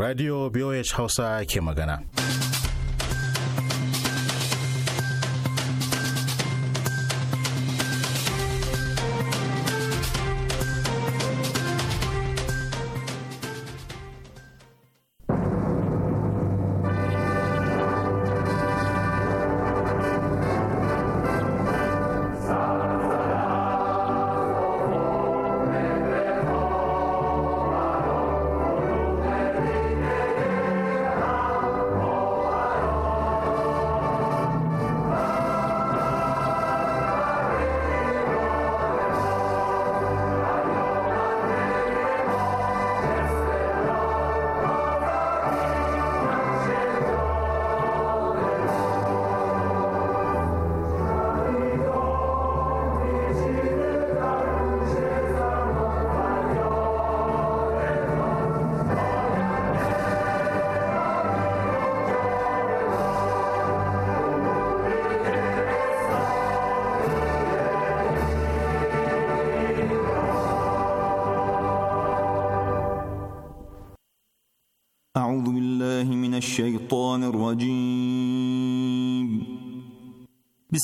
radio bih hausa ke magana.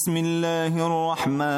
بسم الله الرحمن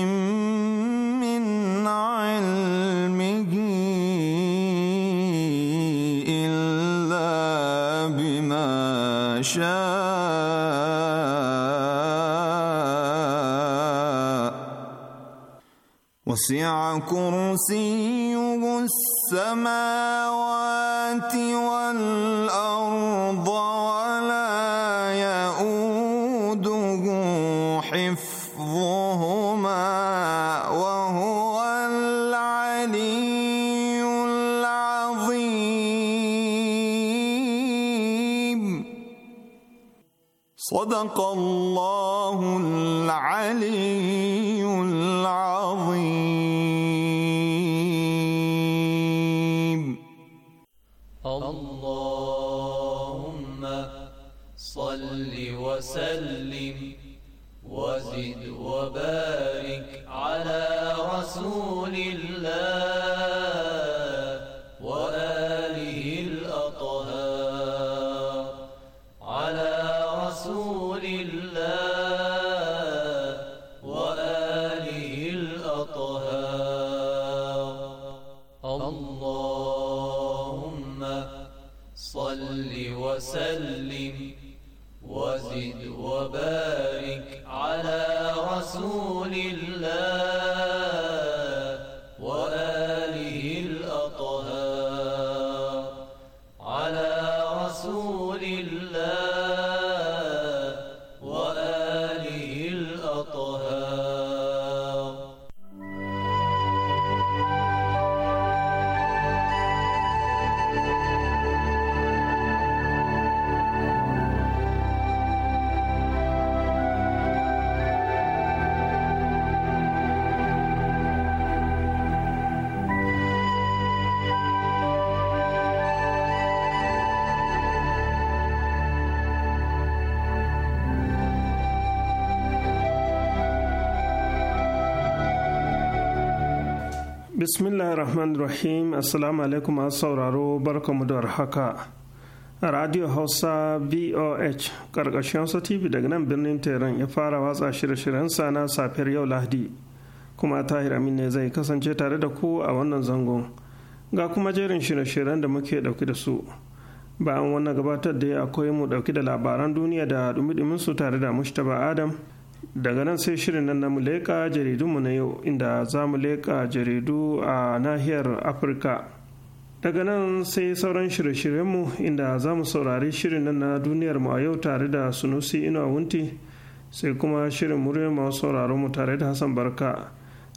وسع كرسيه السماوات bismillahir rahmanir rahim assalamu alaikum masu sauraro barkamu da haka radio hausa boh karkashin hausa tv daga nan birnin tehran ya fara watsa shirye shiryen sa na safiyar yau lahadi kuma tahir amin ne zai kasance tare da ku a wannan zangon ga kuma jerin shirye-shiryen da muke dauki da su bayan wannan gabatar da ya akwai mu dauki da labaran duniya da dumi su tare da mushtaba adam daga nan sai shirin nan mu leƙa jaridunmu na yau inda za mu leƙa jaridu a nahiyar afirka daga nan sai sauran shirye-shiryenmu inda za mu saurari shirin nan na duniyar mu a yau tare da sunusi ina wunti sai kuma shirin murya masu sauraron mu tare da hassan barka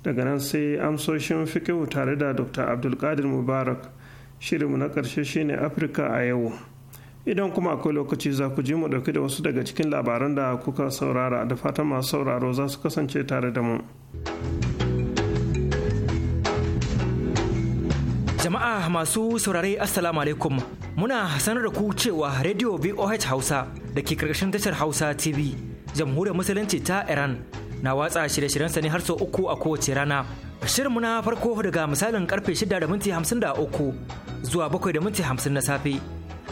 daga nan sai amsoshin fikihu tare da dr abdulkadir mubarak shirinmu na ƙarshe shine afirka a yau idan kuma akwai lokaci za ku ji mu ɗauki da wasu daga cikin labaran da kuka saurara da fatan masu sauraro za su kasance tare da mu jama'a masu saurare assalamu alaikum muna sanar da ku cewa radio voh hausa da ke karkashin tashar hausa tv jamhuriyar musulunci ta iran na watsa shirye-shiryen Sani har sau uku a kowace rana shirinmu na farko daga misalin karfe shida da minti zuwa bakwai da minti hamsin na safe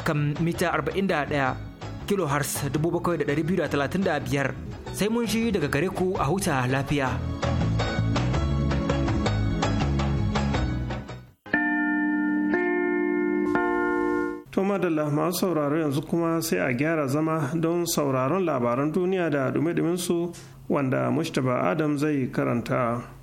akan mita 41 kilohertz 7,235 sai mun shi daga gare ku a huta lafiya. To madalla masu sauraro yanzu kuma sai a gyara zama don sauraron labaran duniya da dumi su wanda Mustapha Adam zai karanta.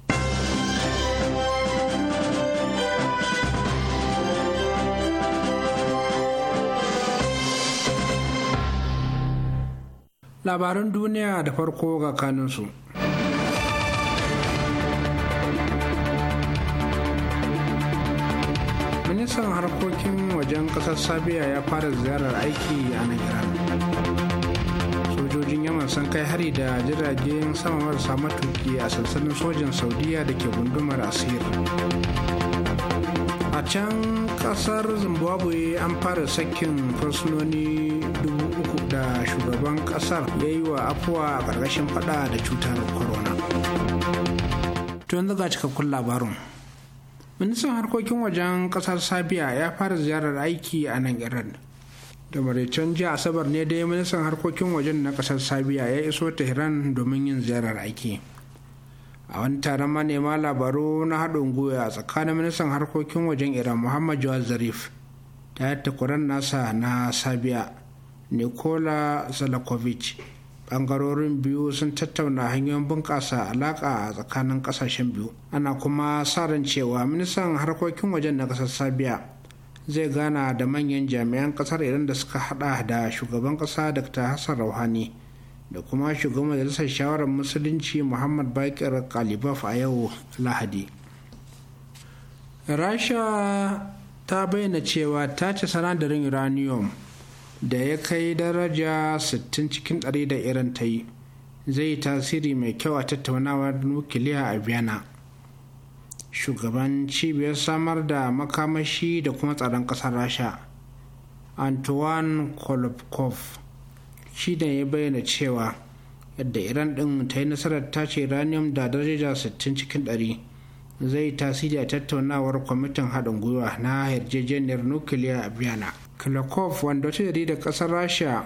labaran duniya da farko ga kaninsu ministan harkokin wajen ƙasar sabiya ya fara ziyarar aiki a Najeriya. sojojin yaman sun kai hari da jiragen sama marasa matuki a sansanin sojin saudiya da ke gundumar asir a can ƙasar zimbabwe an fara sakin fursunoni shugaban kasar ya yi wa afuwa a ƙarƙashin fada da cutar corona to yanzu ga cikakkun labarin ministan harkokin wajen ƙasar sabiya ya fara ziyarar aiki a nan iran da maraicen jiya asabar ne dai ministan harkokin wajen na ƙasar sabiya ya iso tehran domin yin ziyarar aiki a wani taron manema labaru na haɗin gwiwa tsakanin ministan harkokin wajen iran muhammad jawad zarif ta yadda kuran nasa na sabiya nikola zalakovic bangarorin biyu sun tattauna hanyoyin bunƙasa alaƙa a tsakanin ƙasashen biyu ana kuma sa ran cewa ministan harkokin wajen na ƙasar sabiya zai gana da manyan jami'an ƙasar iran da suka hada da shugaban ƙasa dr hassan rauhani da kuma shugaban majalisar shawarar musulunci muhammad bakir kalibaf a yau lahadi rasha ta bayyana cewa ta ci sanadarin uranium da ya kai daraja 60 cikin 100 da iran ta yi zai tasiri mai kyau a tattaunawar nukiliya a vienna shugaban cibiyar samar da makamashi da kuma tsaron ƙasar rasha antoine kolobkov shi ne ya bayyana cewa yadda iran ɗin ta yi nasarar tace uranium da daraja 60 cikin 100 zai tasiri a tattaunawar kwamitin haɗin gwiwa na yarjejeniyar nukiliya a vienna klakov wanda wata jaridar ƙasar rasha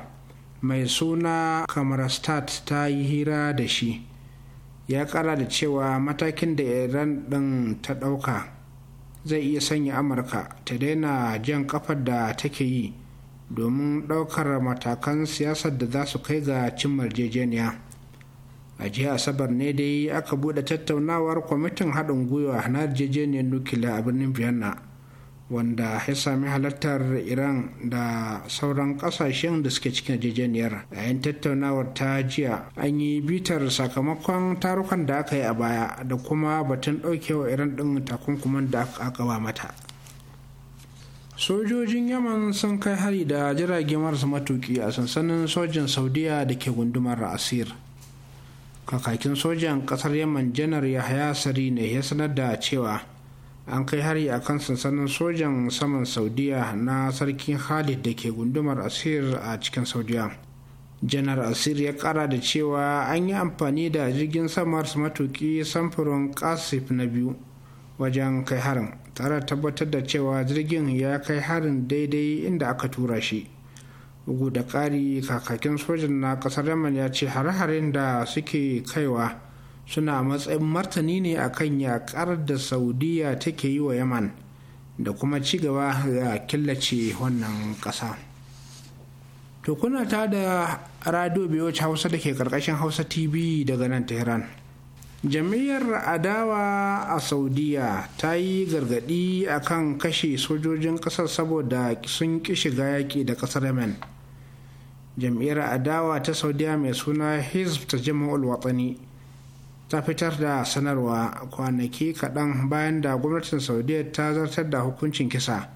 mai suna kamarastat ta yi hira da shi ya kara da cewa matakin da iran ɗin ta ɗauka zai iya sanya amurka ta daina jan kafar da take yi domin ɗaukar matakan siyasar da za su kai ga cin yarjejeniya a jiya asabar ne dai aka bude tattaunawar kwamitin haɗin gwiwa na yarjejeniyar nukiliya a birnin vienna wanda ya sami halartar iran da sauran kasashen da suke cikin yarjejeniyar yayin tattaunawar ta jiya an yi bitar sakamakon tarukan da aka yi a baya da kuma batun ɗaukewa iran din takunkuman da aka ba mata sojojin yaman sun kai hari da jirage marasa matuki a sansanin sojin saudiya da ke gundumar asir kakakin sojan kasar yaman janar yahaya sari ne ya sanar da cewa an kai hari a kan sansanin sojan saman saudiya na sarkin khalid da ke gundumar asir a cikin saudiya janar asir ya kara da cewa an yi amfani da jirgin samar matuki samfurin kasif na biyu wajen kai harin tare da tabbatar da cewa jirgin ya kai harin daidai inda aka tura shi bugu da kari kakakin sojan na kasar yaman ya ce hare-haren da suke kaiwa suna matsayin martani ne akan yakar da saudiya take yi wa yaman da kuma ci gaba da killace wannan ƙasa to kuna ta da radio biyoci hausa da ke karkashin hausa tv daga nan tehran jami'ar adawa a saudiya ta yi gargadi akan kashe sojojin ƙasar saboda sun ƙi shiga yaƙi da ƙasar yemen jam'iyyar adawa ta saudiya mai suna hizb ta jama'ul watsani ta fitar da sanarwa kwanaki kaɗan bayan da gwamnatin saudiya ta zartar da hukuncin kisa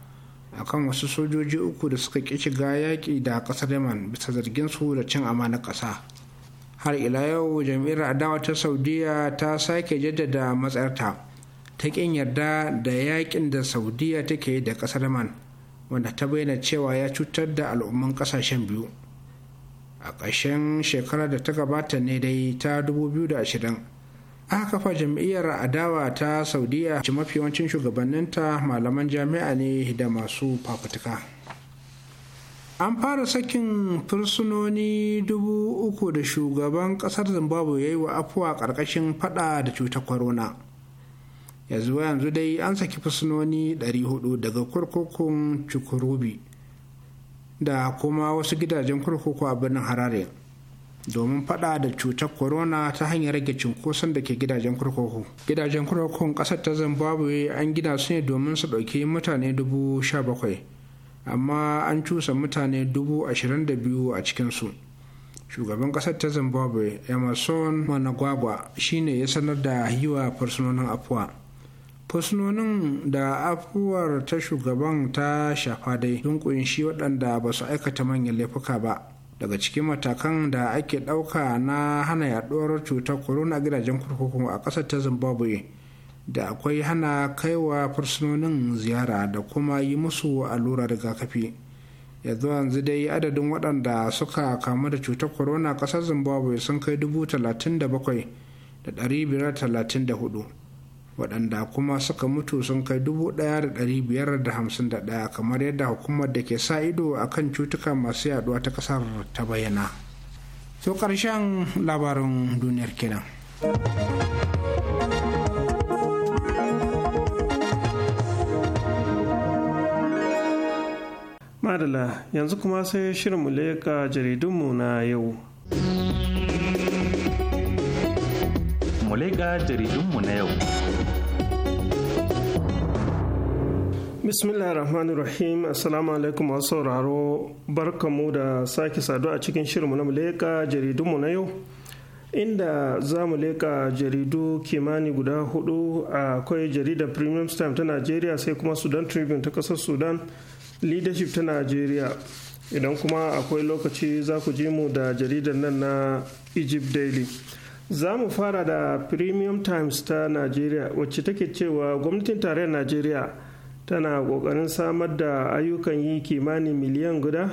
a kan wasu sojoji uku da suka ƙi shiga yaƙi da ƙasar yaman bisa zargin su da cin amanar ƙasa har ila yau jam'iyyar adawa ta saudiya ta sake jaddada matsayarta ta ƙin yarda da yaƙin da saudiya take da ƙasar yaman wanda ta bayyana cewa ya cutar da al'umman ƙasashen biyu a ƙarshen shekarar da ta gabata ne dai ta dubu biyu da 2020 aka kafa jam'iyyar adawa ta saudiya ci mafi yawancin shugabanninta malaman jami'a ne da masu fafutuka an fara sakin fursunoni dubu uku da shugaban kasar zimbabwe ya yi wa afuwa karkashin fada da cutar corona yanzu yanzu dai an saki fursunoni 400 daga kurkukun cukurubi da kuma wasu gidajen kurkuku a birnin harare domin fada da cutar corona ta hanyar rage cunkoson da ke gidajen kurkuku gidajen kurkukun kasar ta zimbabwe an gina su ne domin su ɗauki mutane dubu sha bakwai amma an cusa mutane dubu ashirin da biyu a cikinsu shugaban kasar ta zimbabwe emerson managwagwa shine ya sanar da yiwa fursunonin afuwa fursunonin da afuwar ta shugaban ta shafa dai sun shi waɗanda ba su aikata manyan laifuka ba daga cikin matakan da ake ɗauka na hana yaɗuwar cutar corona gidajen kurkuku a ƙasar ta zimbabwe da akwai hana kaiwa fursunonin ziyara da kuma yi musu allurar rigakafi yanzu yanzu dai adadin waɗanda suka kamu da cutar corona ƙasar zimbabwe sun kai dubu waɗanda kuma suka mutu sun kai 1,551 kamar yadda hukumar da ke sa ido a kan cutuka masu yaɗuwa ta ƙasar ta bayyana. To ƙarshen labarin duniyar kenan. madala yanzu kuma sai shirinmu jaridun jaridunmu na yau muleka jaridunmu na yau bismillah rahmanir rahim assalamu alaikum masu sauraro barkamu da sake sadu a cikin shirinmu na muleka jaridunmu na yau inda za mu leka jaridu kimani guda hudu akwai jaridar premium time ta najeriya sai kuma sudan tribune ta kasar sudan leadership ta najeriya idan kuma akwai lokaci za ku ji mu da jaridar nan na egypt daily za mu fara da premium times ta najeriya wacce take cewa gwamnatin tarayyar najeriya tana kokarin samar da ayyukan yi kimanin miliyan guda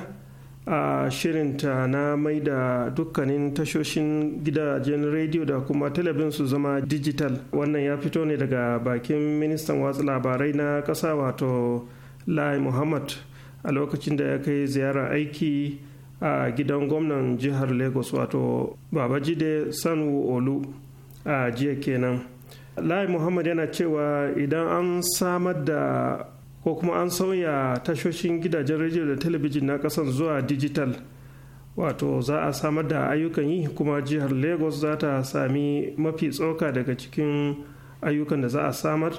a shirinta na mai da dukkanin tashoshin gidajen rediyo da kuma talabin su zama dijital wannan ya fito ne daga bakin ministan watsa labarai na ƙasa wato lai muhammad a lokacin da ya kai ziyara aiki a gidan gwamnan jihar lagos wato babajide sanwo olu a jiya kenan lai muhammad yana cewa idan an samar da ko kuma an sauya tashoshin gidajen rediyo da talabijin na kasan zuwa digital wato za a samar da ayyukan yi kuma jihar lagos za ta sami mafi tsoka daga cikin ayyukan da za a samar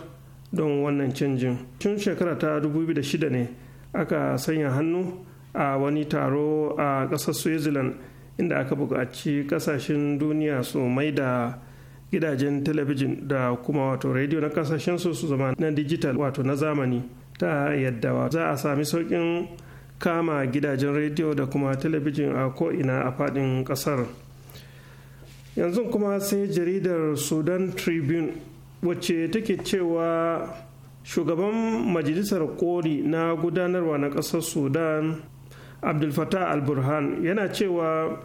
don wannan canjin tun shekara ta 2006 ne aka sanya hannu a wani taro a ƙasar switzerland inda aka buƙaci ƙasashen duniya su mai da gidajen talabijin da kuma wato rediyo na kasashen su su zama na dijital wato na zamani ta yadda za a sami sauƙin kama gidajen rediyo da kuma talabijin a ko'ina a faɗin ƙasar yanzu kuma sai jaridar sudan tribune wacce take cewa shugaban majalisar koli na gudanarwa na ƙasar sudan abdulfatah al-burhan yana cewa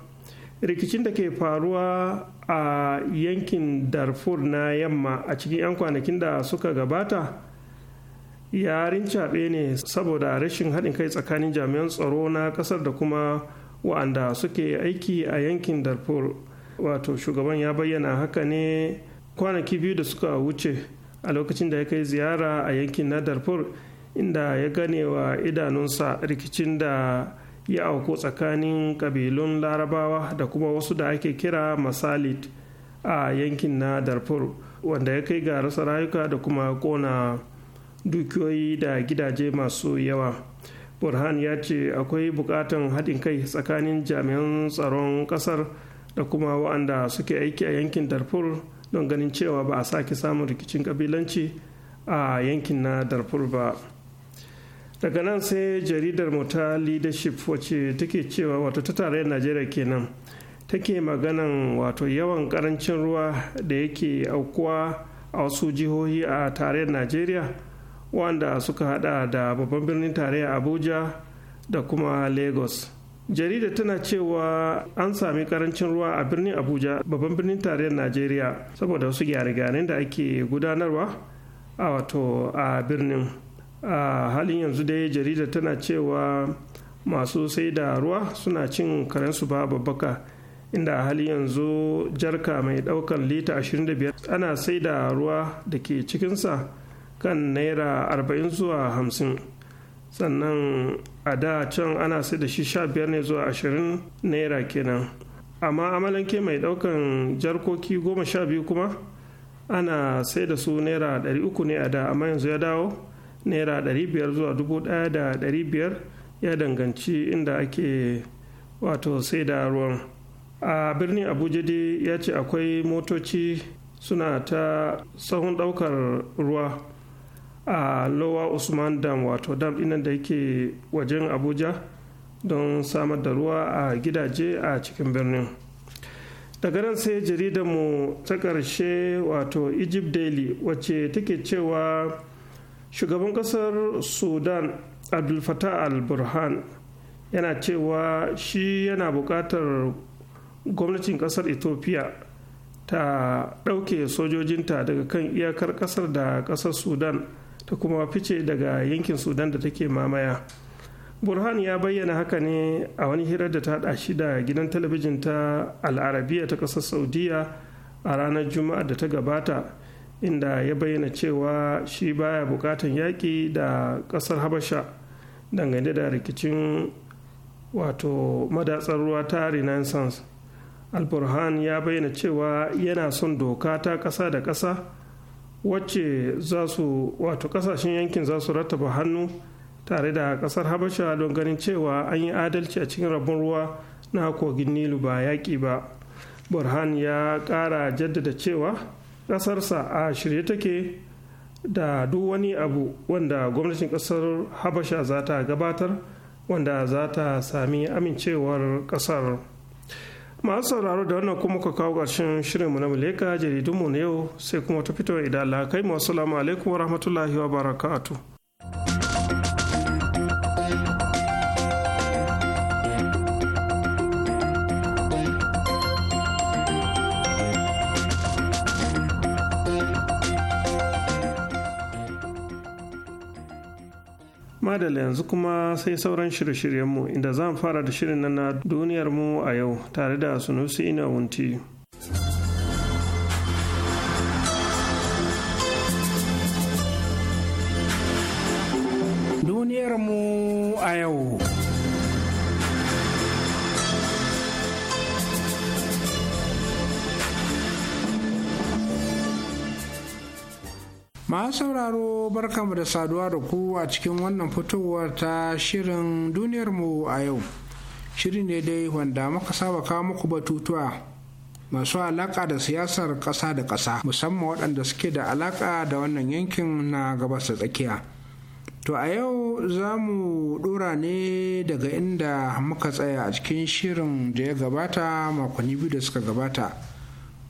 rikicin da ke faruwa a yankin darfur na yamma a cikin 'yan kwanakin da suka gabata ya rincaɓe ne saboda rashin haɗin kai tsakanin jami'an tsaro na ƙasar da kuma wa'anda suke aiki a yankin darfur wato shugaban ya bayyana haka ne kwanaki biyu da suka wuce a lokacin da ya kai ziyara a yankin na darfur inda ya gane wa idanunsa rikicin da Ya auku tsakanin kabilun larabawa da kuma wasu da ake kira masalit a yankin na darfur wanda ya kai ga rasa rayuka da kuma kona dukiyoyi da gidaje masu yawa burhan ya ce akwai bukatan haɗin kai tsakanin jami'an tsaron ƙasar da kuma waɗanda suke aiki a yankin darfur don ganin cewa ba a sake samun rikicin ƙabilanci a yankin na darfur ba. daga nan sai jaridar mu ta leadership wacce take cewa wato ta tarayyar najeriya kenan take maganan wato yawan karancin ruwa da yake aukuwa a wasu jihohi a tarayyar najeriya wanda suka hada da babban birnin tarayyar abuja da kuma lagos jarida tana cewa an sami karancin ruwa a birnin abuja babban birnin tarayyar najeriya saboda wasu gyare-gyaren da ake gudanarwa a wato a birnin a halin yanzu dai jarida tana cewa masu sai da ruwa suna cin karensu ba babbaka inda a halin yanzu jarka mai ɗaukan lita 25 ana sai da ruwa da ke cikinsa kan naira 40 zuwa 50 sannan a da can ana sai da shi 15 ne zuwa 20 naira kenan amma amalanke mai daukan jarkoki 12 kuma ana sai da su naira 300 ne a da amma yanzu ya dawo naira 500 zuwa 1,500 ya danganci inda ake wato sai da ruwan a birnin abuja dai ya ce akwai motoci suna ta sahun daukar ruwa a lowa usman dam wato dam ɗinan da yake wajen abuja don samar da ruwa a gidaje a cikin birnin daga nan sai jaridar mu ta ƙarshe wato egypt daily wacce take cewa shugaban kasar sudan abdul fatah al-burhan yana cewa shi yana buƙatar gwamnatin kasar ethiopia ta ɗauke sojojinta daga kan iyakar kasar da kasar sudan ta kuma fice daga yankin sudan da take mamaya burhan ya bayyana haka ne a wani hirar da ta ɗashi da gidan talabijin ta al'arabiya ta kasar saudiya a ranar juma'a da ta gabata inda ya bayyana cewa shi baya bukatan yaƙi da ƙasar habasha dangane da rikicin wato madatsar ruwa ta renaissance alburhan ya bayyana cewa yana son doka ta ƙasa da ƙasa wacce za su wato ƙasashen yankin za su rattaba hannu tare da ƙasar habasha don ganin cewa an yi adalci a cikin rabon ruwa na kogin nilu ba yaƙi ba burhan ya ƙara jaddada cewa ƙasarsa a shirye take da duk wani abu wanda gwamnatin ƙasar habasha za ta gabatar wanda za ta sami amincewar ƙasar masu sauraro da wannan kuma ka kawo ƙarshen shirinmu na muleka jaridunmu na yau sai kuma ta fito idan Allah kai alaikum wa rahmatullahi wa barakatu. madalla yanzu kuma sai sauran shirye-shiryenmu inda za mu fara da shirin na na duniyarmu a yau tare da sunusi ina wunti. Duniyarmu a yau. masu sauraro barkamu da saduwa da ku a cikin wannan fitowar ta shirin duniyarmu a yau shiri ne dai wanda muka saba kawo muku batutuwa masu alaƙa da siyasar ƙasa da ƙasa musamman waɗanda suke da alaƙa da wannan yankin na gabas da tsakiya to a yau za mu ɗora ne daga inda muka tsaya a cikin shirin da ya gabata makonni biyu da suka gabata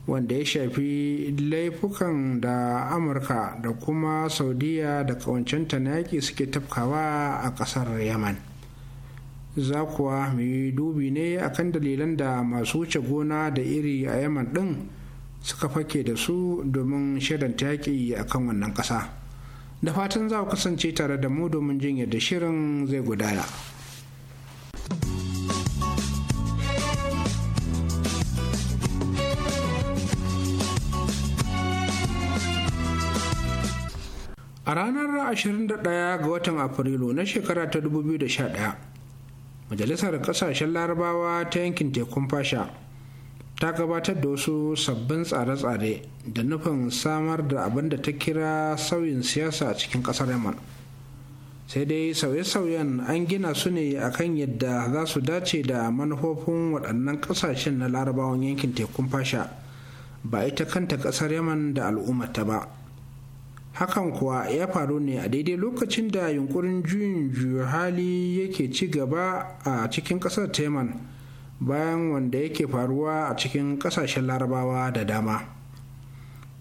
wanda ya shafi laifukan da amurka da kuma saudiya da kawancenta na yaƙi suke tafkawa a ƙasar yaman za kuwa mai dubi ne akan dalilan da masu wuce gona da iri a yaman ɗin suka fake da su domin shirin yaƙi a kan wannan ƙasa da fatan za ku kasance tare da mu domin jin yadda shirin zai gudana. a ranar 21 ga watan afrilu na shekara ta 2011 majalisar ƙasashen larabawa ta yankin tekun fasha ta gabatar da wasu sabbin tsare-tsare da nufin samar da abin da ta kira sauyin siyasa a cikin ƙasar yaman sai dai sauye-sauyen an gina su ne a kan yadda za su dace da manufofin waɗannan ƙasashen na larabawan yankin tekun fasha ba ita kanta ƙasar yaman da al'ummata ba hakan kuwa ya faru ne a daidai lokacin da yunkurin juyin juyo hali yake ci gaba a cikin kasar teman bayan wanda yake faruwa a cikin kasashen larabawa da dama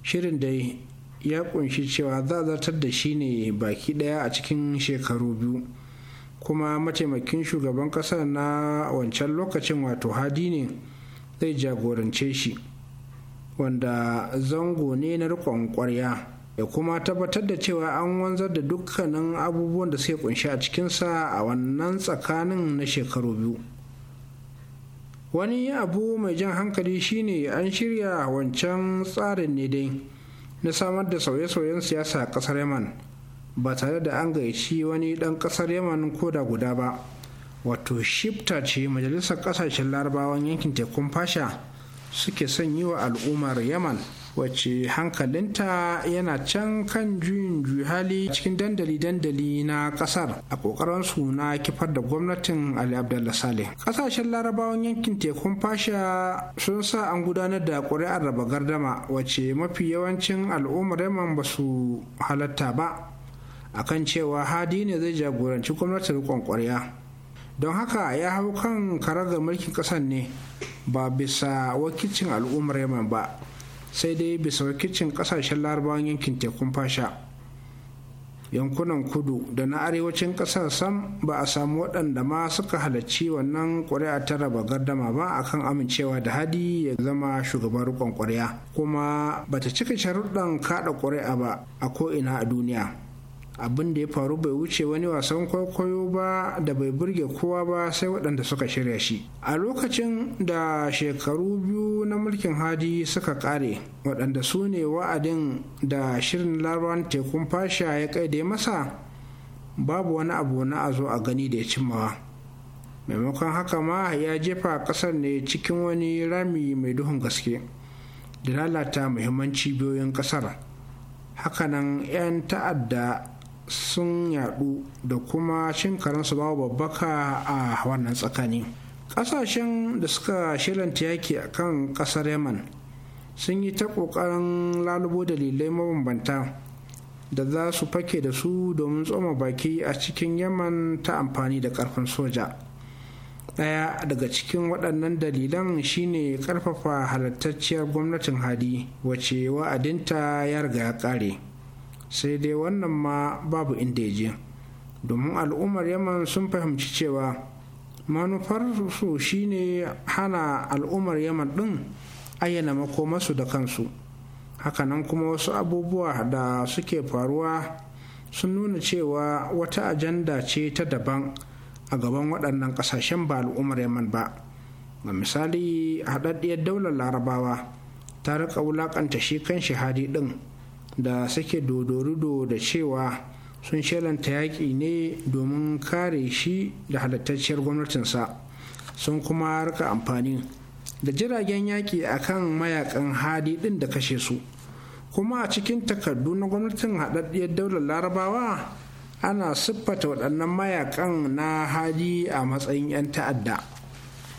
shirin dai ya kunshi cewa za a zartar da shi ne baki daya a cikin shekaru biyu kuma mataimakin shugaban kasar na wancan lokacin wato hadi ne zai jagorance shi wanda zango ne na rikon kwarya ya kuma tabbatar da cewa an wanzar da dukkanin abubuwan da suke kunshi a cikinsa a wannan tsakanin na shekaru biyu wani abu mai jan hankali shine an shirya wancan tsarin ne dai na samar da sauye-sauyen siyasa a kasar yaman ba tare da an gaishi wani dan kasar yaman ko da guda ba wato shifta ce majalisar kasashen larabawan yankin tekun fasha suke son yi wa al'ummar yaman wacce hankalinta yana can kan juyin hali cikin dandali-dandali na kasar a kokarin su na kifar da gwamnatin ali abdullah saleh kasashen larabawan yankin tekun fasha sun sa an gudanar da ƙuri'ar raba gardama wacce mafi yawancin al'ummar yaman ba su halatta ba akan cewa hadi ne zai jagoranci gwamnatin riƙon ƙwarya don haka ya hau kan karagar mulkin ƙasar ne ba bisa wakilcin al'ummar yaman ba sai dai bisa wakilcin kasashen larabawan yankin tekun fasha yankunan kudu da na arewacin kasar sam ba a samu waɗanda ma suka halarci wannan ƙuri'a ta raba gardama ba akan amincewa da hadi ya zama shugaban riƙon ƙuri'a kuma bata cika sharuɗan kaɗa ƙuri'a ba a ko'ina a duniya abin da ya faru bai wuce wani wasan kwaikwayo ba da bai burge kowa ba sai waɗanda suka shirya shi a lokacin da shekaru biyu na mulkin hadi suka ƙare waɗanda su ne wa'adin da shirin larawan tekun fasha ya kai da ƙaide masa babu wani abu na a zo a gani da ya cimmawa maimakon haka ma ya jefa ƙasar ne cikin wani rami mai duhun gaske da lalata muhimmanci biyoyin ƙasar hakanan 'yan ta'adda sun yadu da kuma cin karansu babu babbaka a wannan tsakani ƙasashen da suka shiranta yaki a kan ƙasar yaman sun yi ta ƙoƙarin lalubo dalilai mabambanta da za su fake da su domin tsoma baki a cikin yaman ta amfani da ƙarfin soja Daya daga cikin waɗannan dalilan shine ƙarfafa halattacciyar gwamnatin hadi wace wa'adinta ya riga ya kare? sai dai wannan ma babu inda je domin al'ummar yaman sun fahimci cewa manufar su shine hana al'ummar yaman din ayyana makomarsu da kansu hakanan kuma wasu abubuwa da suke faruwa sun nuna cewa wata ajanda ce ta daban a gaban waɗannan ƙasashen ba al'ummar yaman ba ga misali haɗaɗɗiyar daular larabawa ta riƙa wulaƙanta shi kan shahadi ɗin da suke dodorido da cewa sun shelanta yaƙi ne domin kare shi da halittacciyar gwamnatinsa sun kuma harka amfani da jiragen yaƙi a kan mayakan hadi ɗin da kashe su kuma a cikin takardu na gwamnatin haɗaɗɗiyar daular larabawa ana siffata waɗannan mayakan na hadi a matsayin 'yan ta'adda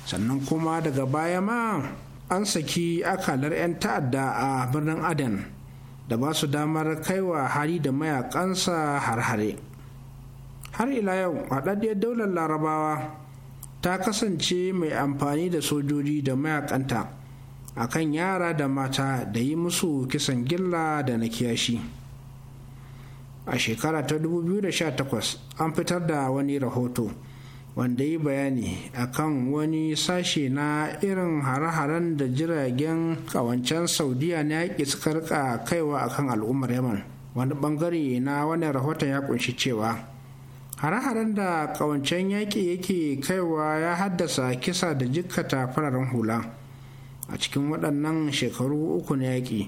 sannan kuma daga baya ma an saki akalar 'yan ta'adda a birnin aden da ba su damar kaiwa hari da mayakansa har-hare har ila yau haɗaɗɗiyar daular larabawa ta kasance mai amfani da sojoji da mayakanta a kan yara da mata da yi musu kisan gilla da na kiyashi a shekara ta 2018 an fitar da wani rahoto wanda yi bayani akan wani sashe na irin hare-haren da jiragen kawancen saudiya na yaƙi suka rika kaiwa akan al'ummar yaman wani bangare na wani rahoton ya kunshi cewa hare-haren da kawancen yaƙi yake kaiwa ya haddasa kisa da jikkata fararen hula a cikin waɗannan shekaru uku na yaƙi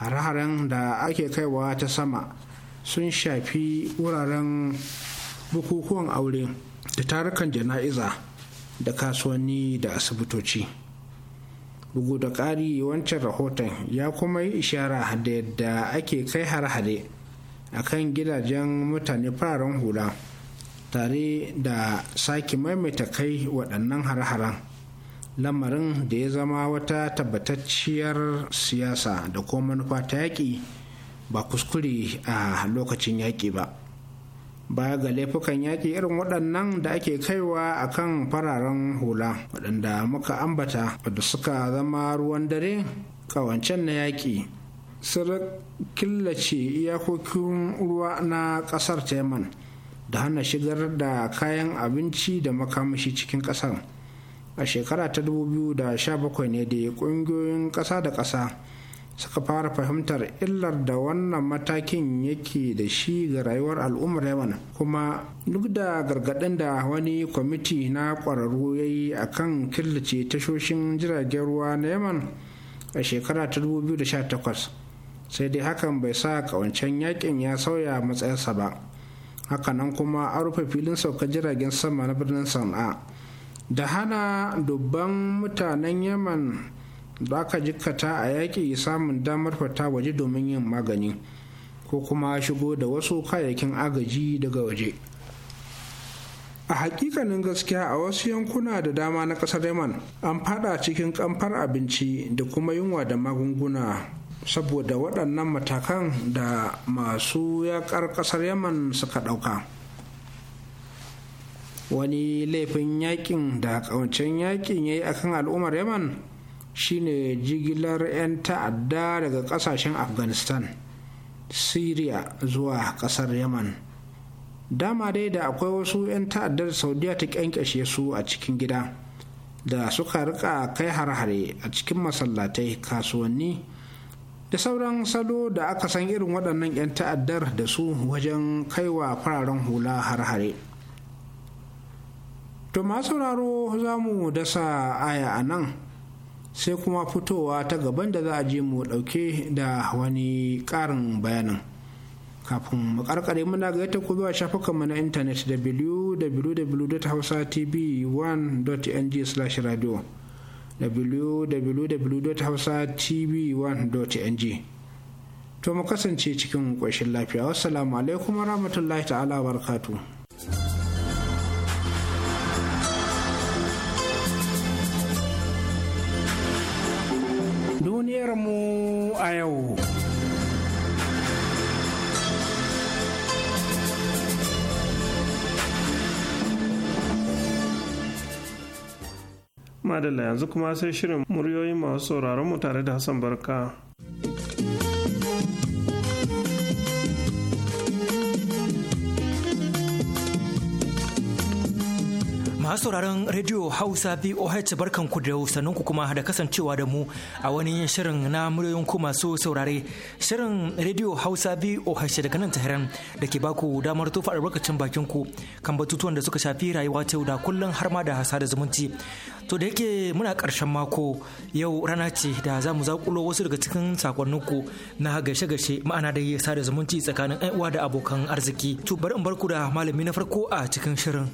hare-haren da ake kaiwa ta sama sun shafi wuraren bukukuwan aure da tarukan jana'iza da kasuwanni da asibitoci bugu da ƙari wancan rahoton ya kuma yi ishara da yadda ake kai har-hare a kan gidajen mutane fararen hula tare da sake maimaita kai waɗannan har-haren lamarin da ya zama wata tabbatacciyar siyasa da kuma manufa ta yaƙi ba kuskure a lokacin yaƙi ba. Ba ga laifukan yaƙi irin waɗannan da ake kaiwa a kan fararen hula waɗanda muka ambata wadda suka zama ruwan dare ƙawancen na yaƙi sun killace iyakokin ruwa na ƙasar taiman da hana shigar da kayan abinci da makamashi cikin ƙasar a shekara ta 2017 ne da ƙungiyoyin ƙasa da ƙasa suka fara fahimtar illar da wannan matakin yake da shi ga rayuwar al'ummar yaman kuma duk da gargaɗin da wani kwamiti na ƙwararru ya yi a kan killace tashoshin jiragen ruwa na yaman a shekara ta 2018 sai dai hakan bai sa ƙawancen yakin ya sauya matsayarsa ba hakanan kuma an rufe filin saukar jiragen sama na birnin sana'a da hana dubban mutanen yaman Ba ka jikkata a yaƙi samun damar fata waje domin yin magani ko kuma shigo da wasu kayayyakin agaji daga waje a hakikanin gaskiya a wasu yankuna da dama na ƙasar yaman an fada cikin kamfar abinci da kuma yunwa da magunguna saboda waɗannan matakan da masu yaƙar ƙasar yaman suka ɗauka wani laifin yakin da ƙawancen yakin ya yi akan al'ummar yaman shine jigilar 'yan ta'adda daga kasashen afghanistan syria zuwa kasar yaman dama dai da akwai wasu 'yan ta'addar saudiya ta kyankyashe su a cikin gida da suka rika kai har-hare a cikin masallatai kasuwanni da sauran salo da aka san irin waɗannan 'yan ta'addar da su wajen kaiwa fararen hula har-hare to masu sauraro za mu dasa aya a nan sai kuma fitowa ta gaban da za a je mu dauke da wani karin bayanin kafin mu karkare muna ga ta zuwa shafukanmu na intanet www.hausatv1.ng/radio www.hausatv1.ng to mu kasance cikin ƙoshin lafiya wassalamu alaikum warahmatullahi ta'ala barkatu mu a yau. Madalla yanzu kuma sai shirin muryoyin masu sauraron mu tare da Hassan Barka. Masu sauraron Radio Hausa VOH ku da ku kuma da kasancewa da mu a wani shirin na muryoyin ku masu saurare. Shirin Radio Hausa VOH daga nan Tahiran da ke baku damar tofa albarkacin bakin ku kan batutuwan da suka shafi rayuwa ta da kullum har ma da hasa da zumunci. To da yake muna karshen mako yau rana ce da za mu zakulo wasu daga cikin ku na gashe-gashe ma'ana da yi sada zumunci tsakanin 'yan uwa da abokan arziki. To bari in barku da malami na farko a cikin shirin.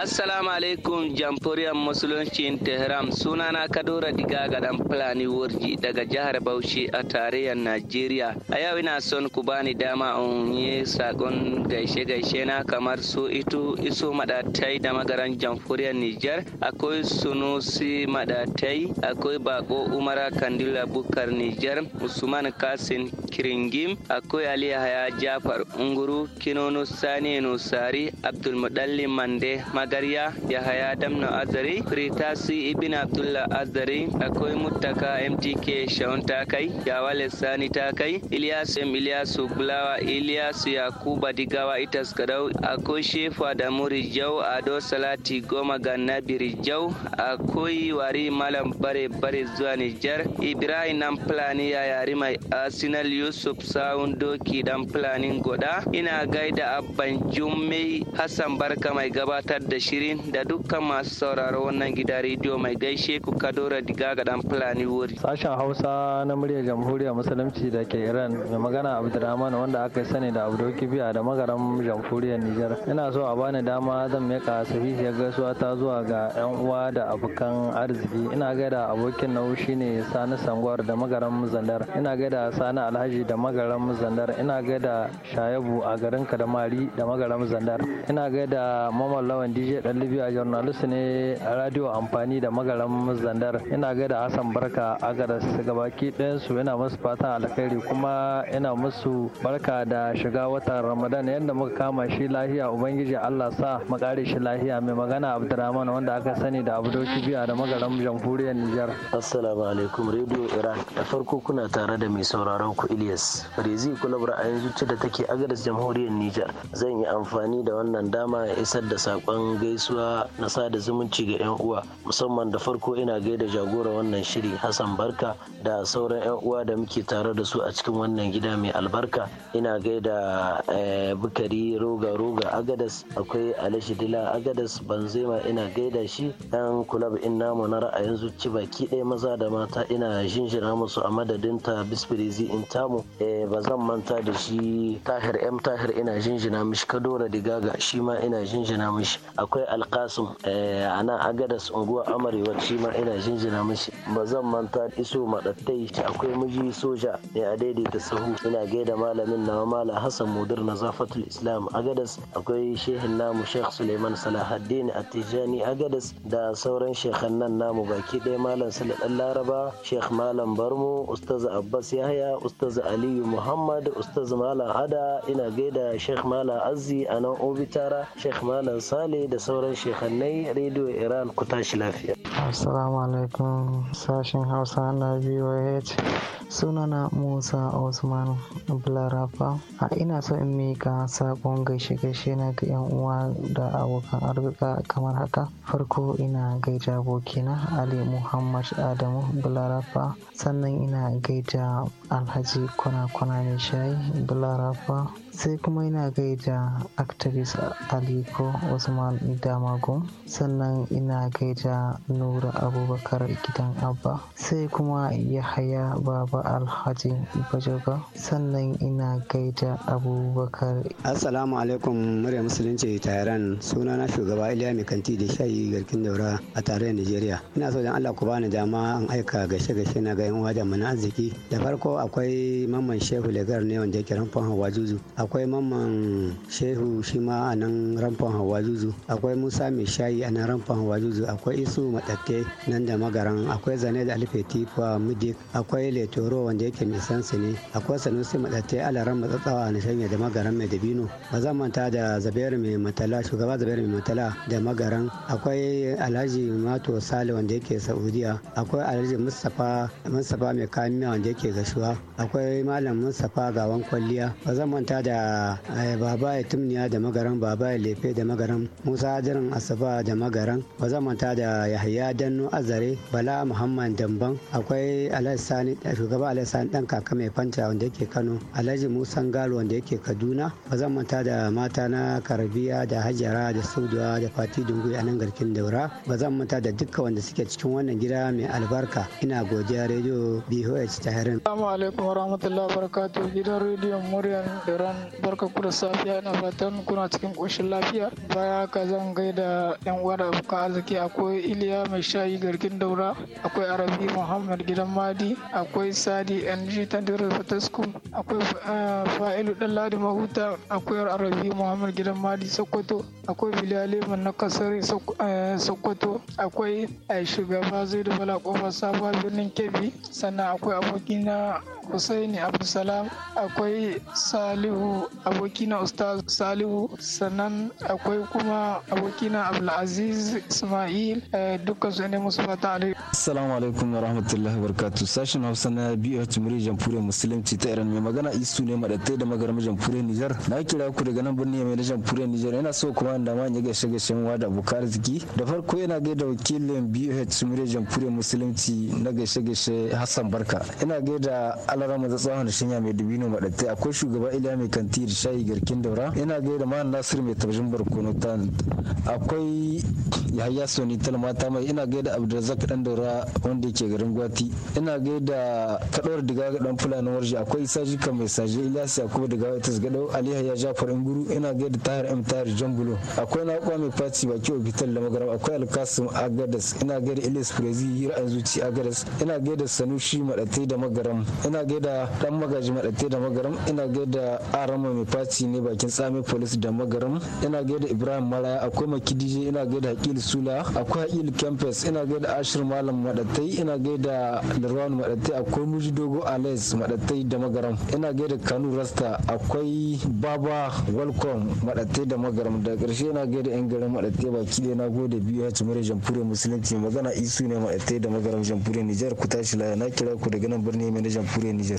Assalamu alaikum jamhuriyar musuluncin Tehran sunana Kadura Diga ga dan Fulani Wurji daga jihar Bauchi a tarayyar Najeriya. A yau ina son ku bani dama in yi sakon gaishe-gaishe na kamar su itu iso madatai da magaran jamhuriyar Nijar, akwai Sunusi madatai, akwai Bako Umar, Kandila Bukar Nijar, Usman kasin Kiringim, akwai Ali Haya Jafar Unguru, Kinono Sani Nusari, Abdulmudalli Mande magarya yahaya damna azari kritasi ibn abdullah azari akwai muttaka mtk shaun takai wale sani takai ilyas m ilyasu bulawa ilyasu yakuba digawa itas kadau akwai shefa da rijau ado salati goma ga nabi rijau akwai wari malam bare bare zuwa nijar ibrahim nan fulani ya yari mai arsenal yusuf sawun doki dan fulanin goda ina gaida abban jummai hassan barka mai gabatar gabatar da shirin da dukkan masu sauraro wannan gida rediyo mai gaishe ku kadora diga ga dan fulani wuri. Sashen Hausa na muryar jamhuriyar musulunci da ke Iran mai magana Abdulrahman wanda aka sani da Abdul Kibiya da magaran jamhuriyar Nijar. Ina so a bani dama zan mika sahihiyar gaisuwa ta zuwa ga yan uwa da abokan arziki. Ina gaida abokin nau shine Sani Sangwar da magaran Zandar. Ina gaida Sani Alhaji da magaran Zandar. Ina gaida Shayabu a garin Kadamari da magaran Zandar. Ina gaida Mamallawan Lawan Mamman DJ Dan Libya journalist ne a radio amfani da magaran Zandar. Ina da Hassan Barka gaba gabaki ɗayan su yana musu fatan alkhairi kuma ina musu barka da shiga watan Ramadan yadda muka kama shi lahiya Ubangiji Allah sa mu kare shi lahiya mai magana Abdurrahman wanda aka sani da Abdo Kibiya da magaran Jamhuriyar Niger Assalamu alaikum Radio Iran. Da farko kuna tare da mai sauraron ku Ilyas. Rezi bura a yanzu ce da take Agaras Jamhuriyar Nijar. Zan yi amfani da wannan dama ya isar da saƙon an gaisuwa na sada zumunci ga 'yan uwa musamman da farko ina gaida jagora wannan shiri hassan barka da sauran 'yan uwa da muke tare da su a cikin wannan gida mai albarka ina gaida eh, bukari roga roga agadas akwai alashi dila agadas banzema ina gaida shi yan kulab in namu na ra'ayin zuci baki ɗaya maza da mata ina jinjina musu a madadin ta bisfirizi in tamu eh, ba zan manta da shi tahir m tahir ina jinjina mishi kadora digaga shi ma ina jinjina mishi akwai alkasum eh, a nan agadas unguwa amarewa shi ma ina jinjina mashi. ba zan manta iso madattai akwai miji soja ne a daidaita sahu ina gaida malamin nawa mala hassan mudir na zafatul islam agadas akwai shehin namu sheikh suleiman salahaddin attijani agadas da sauran shekhan nan namu baki ɗaya malam sule laraba sheikh malam Barmu, ustaz abbas yahya ustaz aliyu muhammad ustaz malam ada ina gaida sheikh malam azzi a nan obitara sheikh malam sale ne da sauran shekhanai Radio Iran ku tashi lafiya. Assalamu alaikum sashen Hausa na VOH sunana Musa Usman blarafa A ina so in mika sakon gaishe-gaishe na ga 'yan uwa da abokan arzika kamar haka. Farko ina gaida abokina Ali Muhammad Adamu blarafa sannan ina gaida Alhaji Kwana Kwana Mai Shayi blarafa sai kuma ina gaida actress aliko usman damago sannan ina gaida nura abubakar gidan abba sai kuma yahaya baba alhaji bajoga sannan ina gaida abubakar assalamu alaikum murya musulunci tayaran suna na shugaba iliya mai kanti da shayi garkin daura a tarayyar nigeria ina so dan allah ku bani dama an aika gashe gashe na ga yan uwa da arziki da farko akwai mamman shehu legar ne wanda yake ramfan hawa a akwai mamman shehu shi ma a nan ramfan hawa juju akwai musa mai shayi a nan ramfan hawa juju akwai isu matatte nan da magaran akwai zane da alfe tifa mudik akwai letoro wanda yake mai sansu ne akwai sanusi a laran matsatsawa na shanya da magaran mai dabino ba zan manta da zabiyar mai matala shugaba zabiyar mai matala da magaran akwai alhaji mato sale wanda yake saudiya akwai alhaji mustapha mustapha mai kamiya wanda yake gasuwa akwai malam mustapha gawan kwalliya ba zan manta da da eh, baba ya tumniya da magaran baba ya lefe da magaran musa jiran asaba da magaran ba zan manta da yahaya danno azare bala muhammad damban akwai alhassani shugaba alhassani dan kaka mai fanta wanda yake kano alhaji musan galo wanda yake kaduna ba zan manta da mata na karbiya da hajara da sauduwa da fati dungu a nan garkin daura ba zan manta da dukkan wanda suke cikin wannan gida mai albarka ina godiya rediyo ta herin. assalamu alaikum warahmatullahi wabarakatuh gidan rediyon muryar iran barka ku da safiya na fatan kuna cikin ƙoshin lafiya baya ka zan gaida yan uwa da abokan arziki akwai iliya mai shayi garkin daura akwai arabi muhammad gidan madi akwai sadi ng tandirar fatasku akwai eh, fa'ilu dan ladi mahuta akwai arabi muhammad gidan madi sokoto akwai bilale na kasar eh, sokoto akwai eh, shugaba zai da bala kofar sabuwar birnin kebbi sannan akwai abokina Hussaini abdulsalam akwai salihu abokina ustaz salihu sannan akwai kuma abokina abdulaziz ismail eh, dukkan su ne musu fata alai assalamu alaikum wa rahmatullahi barakatu. sashen hausa na a Tumuri Jamfure musulunci ta iran mai magana isu ne madatta da magaramar Jamfure nijar na kira ku daga nan birni mai na Jamfure nijar yana so kuma da ma ya gaishe gaishen wa da abokan arziki da farko yana gaida wakilin a Tumuri Jamfure musulunci na gaishe gaishe hassan barka ina gaida alarama da tsawon shanya shinya mai dubino madatta akwai shugaba iliya mai kanti da shayi garkin daura ina gai da ma nasir mai tabbashin barkono ta akwai yahaya soni talmata mai ina gai da abdulrazak dan daura wanda yake garin gwati ina gai da kadawar diga ga dan fulani warji akwai isa jika mai saje ilyas yakubu daga wata gadau ali yahaya jafar inguru ina gai da tahir m tahir jambulo akwai na kwa mai faci baki hospital da magaram akwai alkasim agadas ina gai da ilis prezi ra'ayin zuci agadas ina gai da sanushi madatai da magaram ina da dan magaji madatai da magaram ina gai a arama mai faci ne bakin tsami polis da magaram ina gaida ibrahim maraya akwai makidije ina gaida hakil sula akwai hakil campus ina gaida ashir malam madatai ina gaida lirwan madatai akwai muji dogo alex madatai da magaram ina gaida kanu rasta akwai baba welcome madatai da magaram da karshe ina gaida yan garin madatai baki da na gode biyu ya cimar jamfure musulunci magana isu ne madatai da magaram jamfure niger ku tashi laya na kira ku daga nan birni mai na niger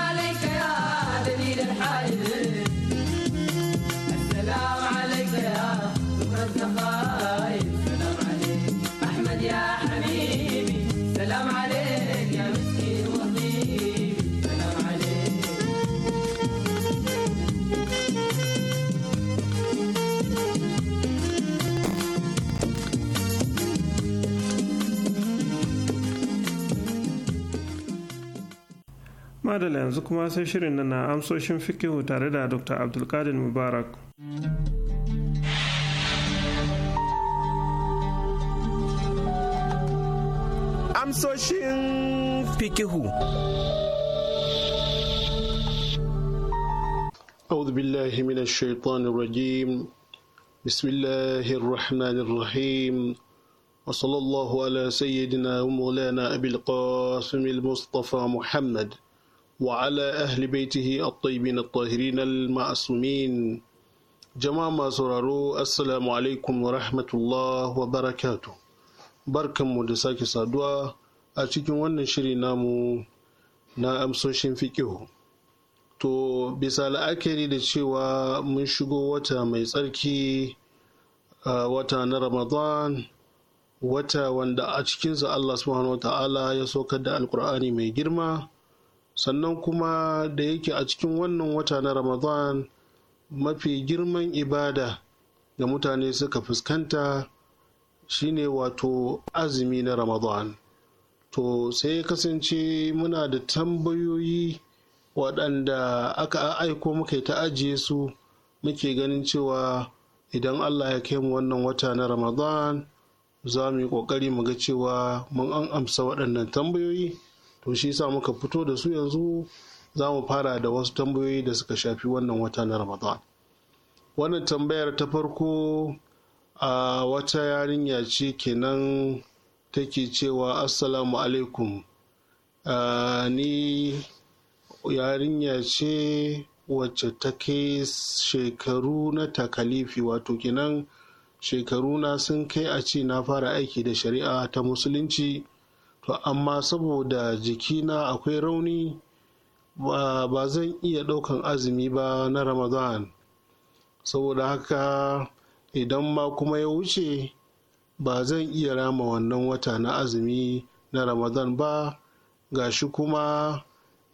madala yanzu kuma sai shirin na amsoshin fikihu tare da dr abdulkadir mubarak amsoshin fikihu أعوذ بالله من الشيطان الرجيم بسم الله الرحمن الرحيم وصلى الله على سيدنا ومولانا أبي القاسم المصطفى محمد وعلى أهل بيته الطيبين الطاهرين المعصومين جماعة wa السلام عليكم ورحمة الله وبركاته بركة مدساك سادوا cikin wannan شري نامو na amsoshin fikihu to bisa la'akari da cewa mun shigo wata mai tsarki wata na ramadan wata wanda a cikinsa allah subhanahu wa ta'ala ya saukar da alkur'ani mai girma sannan kuma da yake a cikin wannan wata na ramadan mafi girman ibada da mutane suka fuskanta shine wato azumi na ramadan to sai ya kasance muna da tambayoyi waɗanda aka aiko muka ta ajiye su muke ganin cewa idan allah ya kai mu wannan wata na ramadan za mu yi ƙoƙari mu ga cewa mun an amsa waɗannan tambayoyi to shi sa muka fito da su yanzu za mu fara da wasu tambayoyi da suka shafi wannan wata na ramadan wannan tambayar ta farko a wata yarinya ce kenan take cewa assalamu alaikum ni yarinya ce wacce ta kai shekaru na takalifi wato kenan shekaru na sun kai a ce na fara aiki da shari'a ta musulunci amma saboda jikina akwai rauni ba zan iya ɗaukan azumi ba na ramadan saboda haka idan ma kuma ya wuce ba zan iya rama wannan wata na azumi na ramadan ba ga shi kuma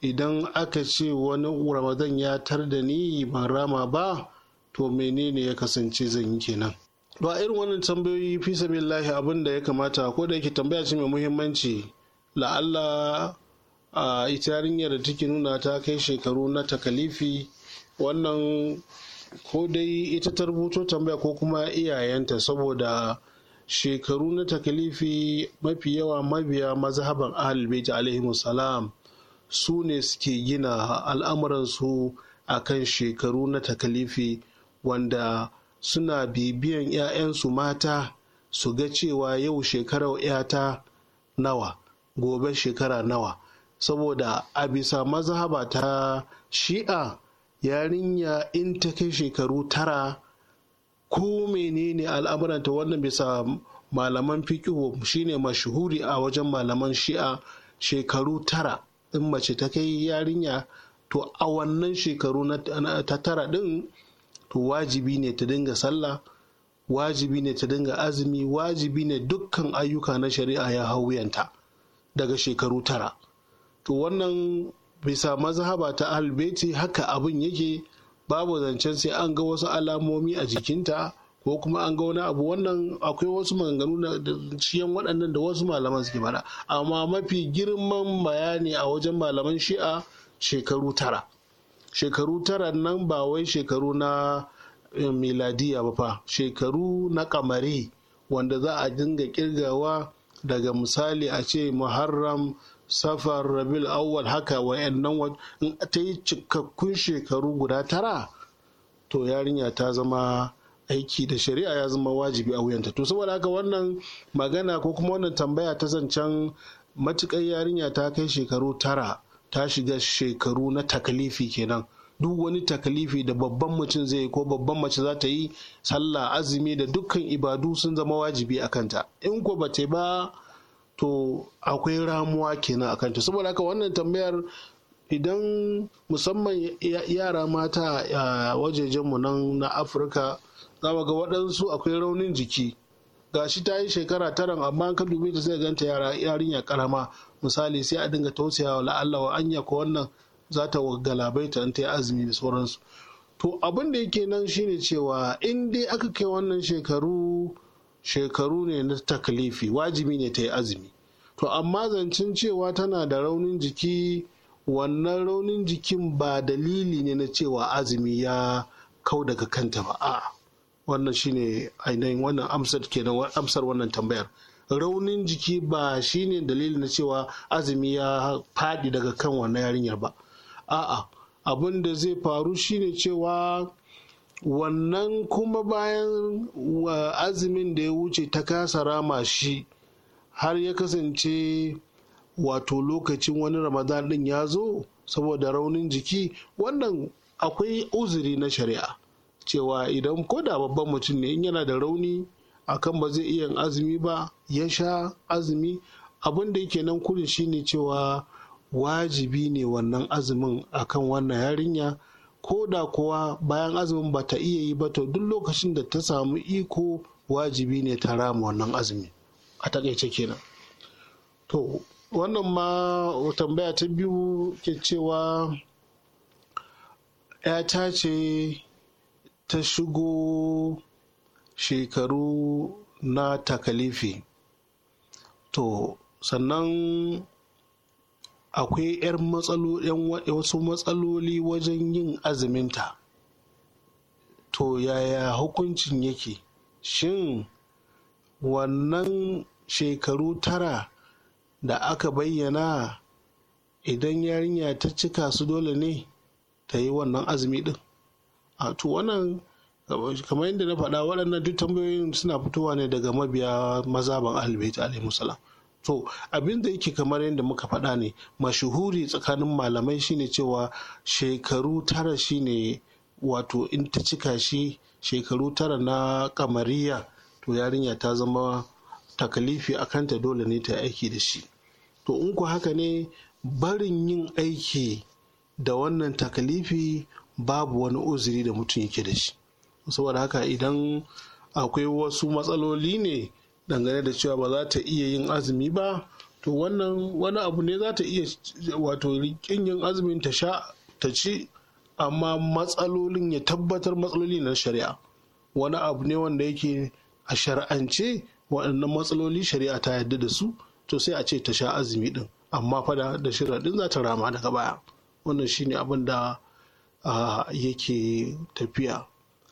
idan aka ce wani ramadan ya tar da ni ban rama ba to menene ya kasance zan yi kenan ba irin wannan tambayoyi fi sabilillahi abin da ya kamata ko da yake tambaya ce mai muhimmanci la'alla a ita yarinyar da take nuna ta kai shekaru na takalifi wannan ko dai ita ta rubuto tambaya ko kuma iyayenta saboda shekaru na takalifi mafi yawa mabiya mazhaban ahalbaita alaihimu salam su ne suke gina al'amuransu a kan shekaru na takalifi wanda suna bibiyan 'ya'yansu mata su ga cewa yau shekarar 'yata nawa gobe shekara nawa saboda a bisa mazhaba ta shi'a yarinya in ta kai shekaru tara ko menene al'amuranta wannan bisa malaman fiƙihu shine mashuhuri a wajen malaman shi'a shekaru tara in mace ta kai yarinya to a wannan shekaru na tara din to wajibi ne ta dinga sallah wajibi ne ta dinga azumi wajibi ne dukkan ayyuka na shari'a ya hau yanta daga shekaru tara to wannan bisa mazhaba ta albeti haka abin yake babu zancen sai an ga wasu alamomi a jikinta ko kuma an ga wani abu wannan akwai wasu maganganu da ciyan waɗannan da wasu malaman suke faɗa amma mafi girman bayani a wajen malaman shi'a shekaru tara shekaru tara nan ba wai shekaru na eh, miladiya ba fa shekaru na kamari wanda za a dinga kirgawa daga misali a ce muharram safar rabil awwal haka nan in ta yi cikakkun shekaru guda tara to yarinya ta zama aiki da shari'a ya zama wajibi a wuyanta to saboda haka wannan magana ko kuma wannan tambaya ta zancen matuƙar yarinya ta kai shekaru tara ta shiga shekaru na takalifi kenan duk wani takalifi da babban mutum zai yi ko babban mace za ta yi sallah azumi da dukkan ibadu sun zama wajibi a kanta in ko ba ta ba to akwai ramuwa kenan a kanta saboda haka wannan tambayar idan musamman yara mata a wajejenmu nan na afirka za ga waɗansu akwai raunin jiki gashi ta yi shekara tara amma ka dubi ta zai ganta yara yarinya karama misali sai a dinga tausayawa la'alla wa anya ko wannan za ta galabaita in ta azumi da sauransu to abin da yake nan shine cewa in dai aka kai wannan shekaru shekaru ne na taklifi wajibi ne ta yi azumi to amma zancen cewa tana da raunin jiki wannan raunin jikin ba dalili ne na cewa azumi ya kau daga kanta ba a'a wannan shine ainihin wannan amsar kenan amsar wannan tambayar raunin jiki ba shine dalilin na cewa azumi ya faɗi daga kan wannan yarinyar ba a'a abin da zai faru shine cewa wannan kuma bayan wa azumin da ya wuce ta kasa rama shi har ya kasance wato lokacin wani ramadan din ya zo saboda raunin jiki wannan akwai uzuri na shari'a cewa idan ko da babban mutum ne in yana da rauni akan ba zai iya azumi ba ya sha azumi abin da yake nan shi shine cewa wajibi ne wannan azumin akan wannan yarinya ko da kuwa bayan azumin ba ta iya yi ba to duk lokacin da ta samu iko wajibi ne ta rama wannan azumi a takaice kenan to wannan ma tambaya ta biyu ke cewa 'yata ce ta shigo shekaru na takalifi to sannan akwai 'yar wasu matsaloli wajen yin aziminta to yaya hukuncin yake shin wannan shekaru tara da aka bayyana idan yarinya ta cika su dole ne ta yi wannan azumi din a to wannan kamar yadda na faɗa waɗannan duk tambayoyin suna fitowa ne daga mabiya mazaban ahlulbayt alaihi salam to abin da yake kamar yadda muka faɗa ne mashuhuri tsakanin malamai shine cewa shekaru tara shine wato in ta cika shi shekaru tara na kamariya to yarinya ta zama takalifi a kanta dole ne ta aiki da shi to in ku haka ne barin yin aiki da wannan takalifi babu wani uzuri da mutum yake da shi saboda haka idan akwai wasu matsaloli ne dangane da cewa ba za ta iya yin azumi ba to wannan wani abu ne za ta iya wato rikin yin azumin ta sha ta ci amma matsalolin ya tabbatar matsaloli na shari'a wani abu ne wanda yake a shari'ance waɗannan matsaloli shari'a ta yadda da su to sai a ce ta sha azumi din amma fada da shirya din za ta rama daga baya wannan shine abin da yake tafiya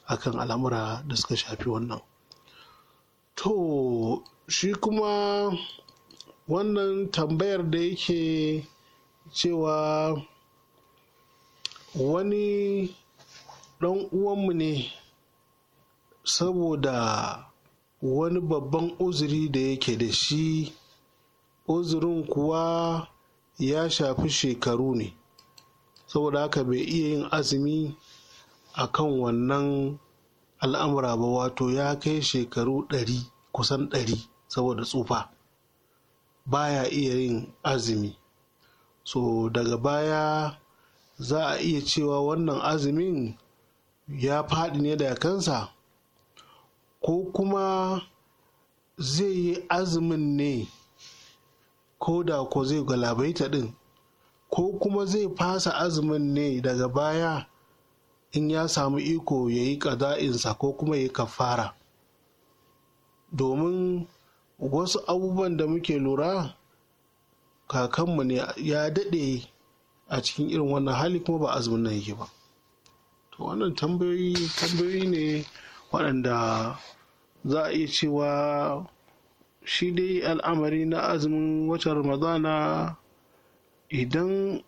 akan al'amura da suka shafi wannan to shi kuma wannan tambayar da yake cewa wani ɗan uwanmu ne saboda wani babban uzuri da yake da shi uzurin kuwa ya shafi shekaru ne saboda haka bai iya yin azumi a kan wannan al'amura ba wato ya kai shekaru ɗari kusan ɗari saboda tsufa baya iya yin azumi so daga baya za a iya cewa wannan azumin ya faɗi ne da kansa ko kuma zai yi azumin ne ko da ko zai galabaita ɗin ko kuma zai fasa azumin ne daga baya in ya samu iko ya yi ƙaza'insa ko kuma ya kafara domin wasu abubuwan da muke lura kakanmu ne ya daɗe a cikin irin wannan hali kuma ba azumin nan yake ba to wannan tambayoyi tambayoyi ne waɗanda za a iya cewa shi dai al'amari na azumin watan ramadana idan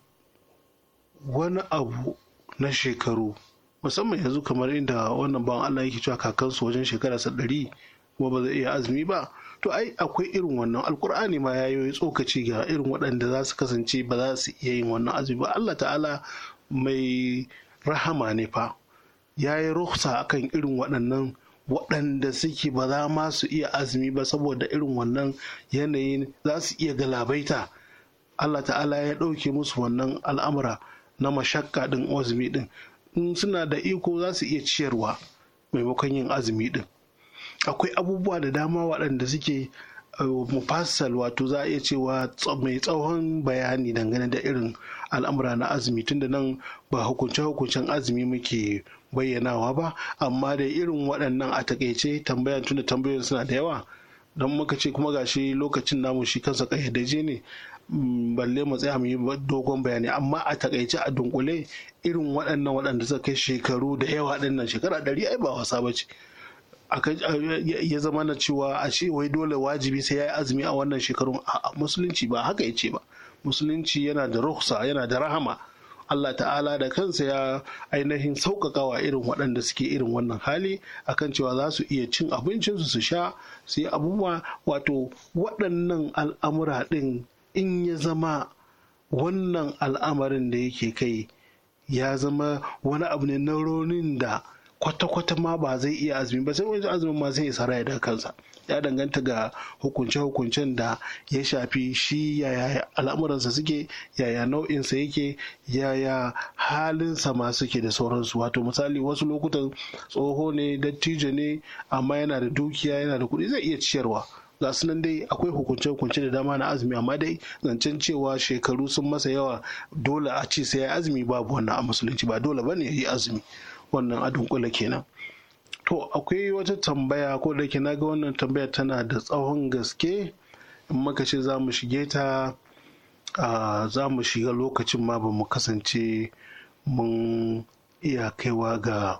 wani abu na shekaru musamman yanzu kamar inda wannan bawan Allah yake cewa kakansu wajen shekararsa ɗari kuma ba zai iya azumi ba to ai akwai irin wannan alkur'ani ma yayi tsokaci ga irin waɗanda za su kasance ba za su iya yin wannan azumi ba Allah ta'ala mai rahama ne fa ya yayi ruhsa akan irin waɗannan waɗanda suke ba za ma su iya azumi ba saboda irin wannan yanayin za su iya galabaita Allah ta'ala ya ɗauke musu wannan al'amura na mashakka ɗin azumi ɗin in suna da iko za su iya ciyarwa maimakon yin azumi ɗin akwai abubuwa da dama waɗanda suke eh, mufassal wato za a iya cewa mai tsawon bayani dangane da irin al'amura na azumi tunda nan ba hukunce-hukuncen azumi muke bayyanawa ba amma da irin waɗannan a takaice tambayan tunda tambayoyin suna da yawa don muka ce kuma gashi lokacin namu shi kansa kayyadaje ne balle mu tsaya mu yi dogon bayani amma a takaice a dunkule irin waɗannan waɗanda suka kai shekaru da yawa ɗinnan shekara ɗari ai ba wasa ba ce ya zama na cewa a ce wai dole wajibi sai ya yi azumi a wannan shekarun a musulunci ba haka ya ce ba musulunci yana da ruhsa yana da rahama Allah ta'ala da kansa ya ainihin sauƙaƙawa irin waɗanda suke irin wannan hali akan cewa za su iya cin abincinsu su sha su yi abubuwa wato waɗannan al'amura ɗin in ya zama wannan al'amarin da yake kai ya zama wani abu ne na ronin da kwata-kwata ma ba zai iya azumi ba sai wani azumin ma zai sara da kansa ya danganta ga hukunce-hukuncen da ya shafi shi yaya al'amuransa suke yaya nau'insa yake yaya halinsa ma suke da sauransu wato misali wasu lokutan tsoho ne dattijo ne amma yana da dukiya yana da kuɗi zai iya ciyarwa ga su nan dai akwai hukunce-hukunce da dama na azumi amma dai zancen cewa shekaru sun masa yawa dole a ce sai ya azumi babu wannan a musulunci ba dole ba ne ya yi azumi wannan a dunkula kenan to akwai wata tambaya ko da ke naga wannan tambaya tana da tsawon gaske in muka ce za mu shige ta za mu shiga lokacin ma ba mu kasance mun iya kaiwa ga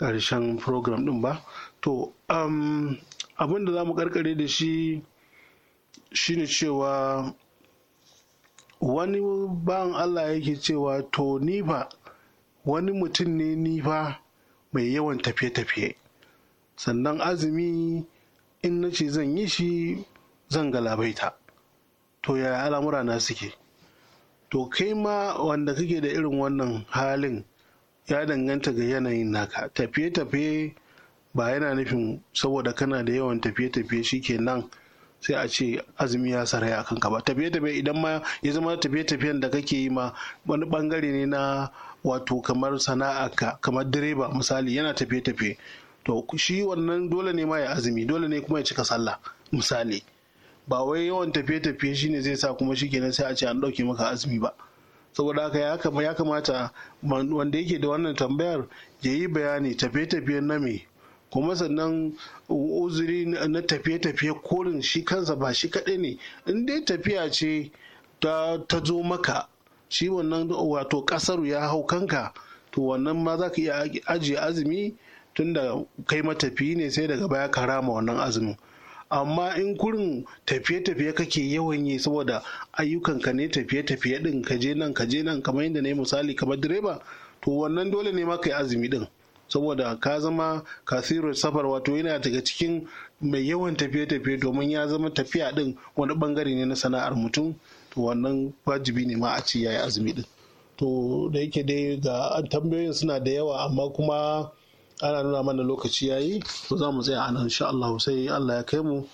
ƙarshen program ɗin ba to abin da za mu karkare da shi shine cewa wani ban Allah yake cewa to nifa wani mutum ne nifa mai yawan tafiye-tafiye sannan azumi in na ce zan yi shi zan galabaita to ya al'amura na suke to kai ma wanda kake da irin wannan halin ya danganta ga yanayin naka tafiye-tafiye ba yana nufin saboda kana da yawan tafiye-tafiye shikenan sai a ce azumi ya saraya akan ka ba tafiye-tafiye idan ma ya zama tafiye-tafiyen da kake yi ma wani bangare ne na wato kamar sana'a ka kamar direba misali yana tafiye-tafiye to shi wannan dole ne ma ya azumi dole ne kuma ya cika sallah misali ba wai yawan tafiye-tafiye shine zai sa kuma shikenan sai a ce an ɗauke maka azumi ba saboda haka ya kamata wanda yake da wannan tambayar ya yi bayani tafiye-tafiyen na me kuma sannan uzuri na tafiye-tafiye korin shi kansa ba shi kaɗai ne in dai tafiya ce ta zo maka shi wannan wato ƙasar ya hau kanka to wannan ma za ka iya ajiye azumi tun da kai matafi ne sai daga baya ka rama wannan azumin amma in kurin tafiye-tafiye kake yawan yi saboda ayyukanka ne tafiye-tafiye din ka je nan ka je nan kamar yadda na yi misali kamar direba to wannan dole ne ma ka yi azumi din saboda ka zama kasiru safar wato yana daga cikin mai yawan tafiye-tafiye domin ya zama tafiya din wani bangare ne na sana'ar mutum to wannan wajibi ne ma a ce yayi azumi din to da yake dai ga tambayoyin suna da yawa amma kuma ana nuna mana lokaci yayi to za mu tsaya a nan insha Allah sai Allah ya kai mu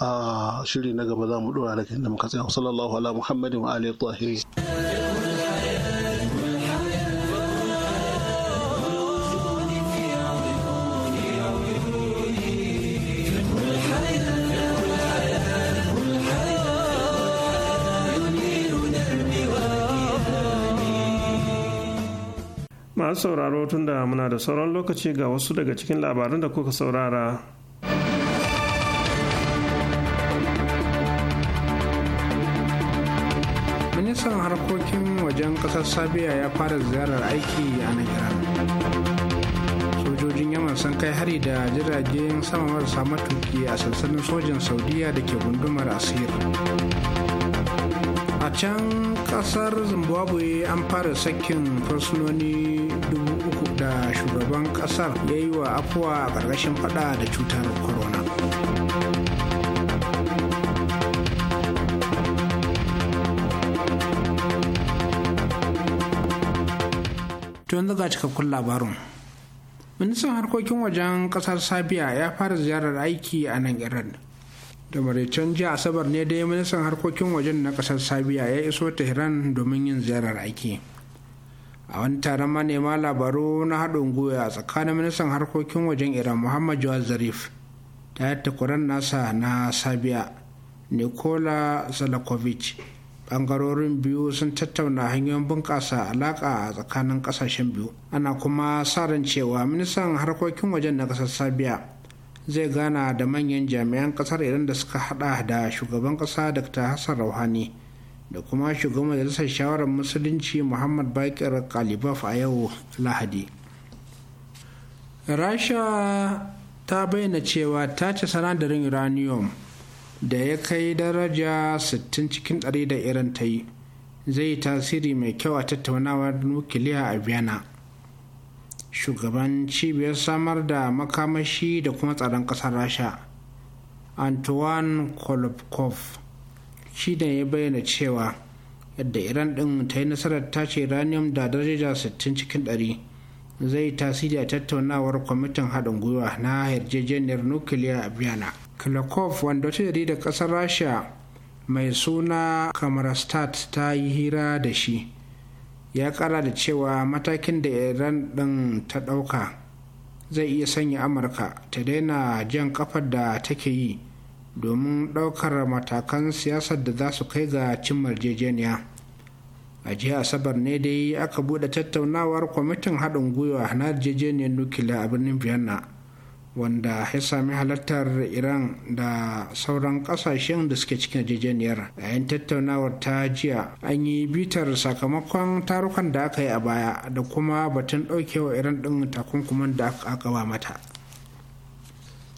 a shiri na gaba za mu dora daga inda muka tsaya sallallahu sallam, muhammadin wa alihi tahirin masu sauraro tun da muna da sauran lokaci ga wasu daga cikin labaran da kuka saurara ministan harkokin wajen kasar sabiya ya fara ziyarar aiki a nigeria sojojin yaman sun kai hari da jiragen sama marasa matuki a sansanin sojin saudiya da ke gundumar asir a can kasar zimbabwe an fara sakin fursunoni kasar ya yi wa afuwa a ƙarƙashin fada da cutar corona tun daga cikakkun labarin ministan harkokin wajen kasar Sabia ya fara ziyarar aiki a nan iran da maraicen jiya asabar ne dai ministan harkokin wajen na kasar Sabia ya iso tehran domin yin ziyarar aiki a wani taron manema labaru na haɗin gwiwa tsakanin ministan harkokin wajen iran muhammad jawad zarif ta yadda kuran nasa na sabiya nikola zalakovic bangarorin biyu sun tattauna hanyoyin bunƙasa alaƙa a tsakanin ƙasashen biyu ana kuma sa ran cewa ministan harkokin wajen na ƙasar sabiya zai gana da manyan jami'an ƙasar idan da suka haɗa da shugaban ƙasa dr hassan rouhani da kuma shugaban majalisar shawarar musulunci muhammad bakir kalibaf a yau lahadi rasha ta bayyana cewa ta ci sanadarin uranium da ya kai daraja 60 cikin 100 da irin ta yi zai tasiri mai kyau a tattaunawar nukiliya a vienna shugaban cibiyar samar da makamashi da kuma tsaron ƙasar rasha antoine kolobkov shi ne ya bayyana cewa yadda iran ɗin ta yi nasarar tace uranium da daraja 60 cikin 100 zai tasiri a tattaunawar kwamitin haɗin gwiwa na yarjejeniyar nukiliya a biyana kilakov wanda ta da ƙasar rasha mai suna kamarastat ta yi hira da shi ya kara da cewa matakin da iran din ta ɗauka zai iya sanya amurka ta daina jan ƙafar da take yi domin ɗaukar matakan siyasar da za su kai ga cin marjejeniya a jiya asabar ne dai aka buɗe tattaunawar kwamitin haɗin gwiwa na yarjejeniyar nukiliya a birnin vienna wanda ya sami halartar iran da sauran kasashen da suke cikin yarjejeniyar yayin tattaunawar ta jiya an yi bitar sakamakon tarukan da aka yi a baya da kuma batun ɗaukewa iran ɗin takunkuman da aka mata